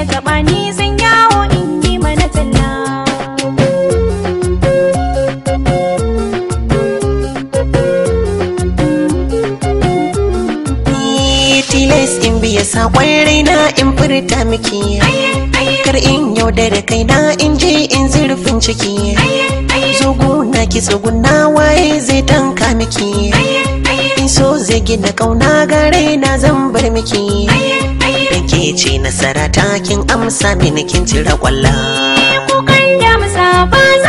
ya taɓa ni zan yawo in yi mana talla tilas in biya saƙon raina in furta miki kar in yaudara kaina in je in zurfin ciki zuguna ki tsuguna waye zai tanka miki in so zai gina kauna gare na zan bar miki ke ce nasara takin amsa mini kin cire kwalla. Kukan da